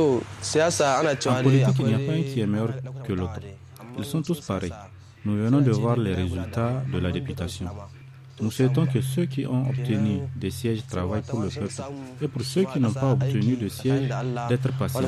En politique, il n'y a pas un qui est meilleur que l'autre. Ils sont tous pareils. Nous venons de voir les résultats de la députation. Nous souhaitons que ceux qui ont obtenu des sièges travaillent pour le peuple et pour ceux qui n'ont pas obtenu de sièges, d'être passés.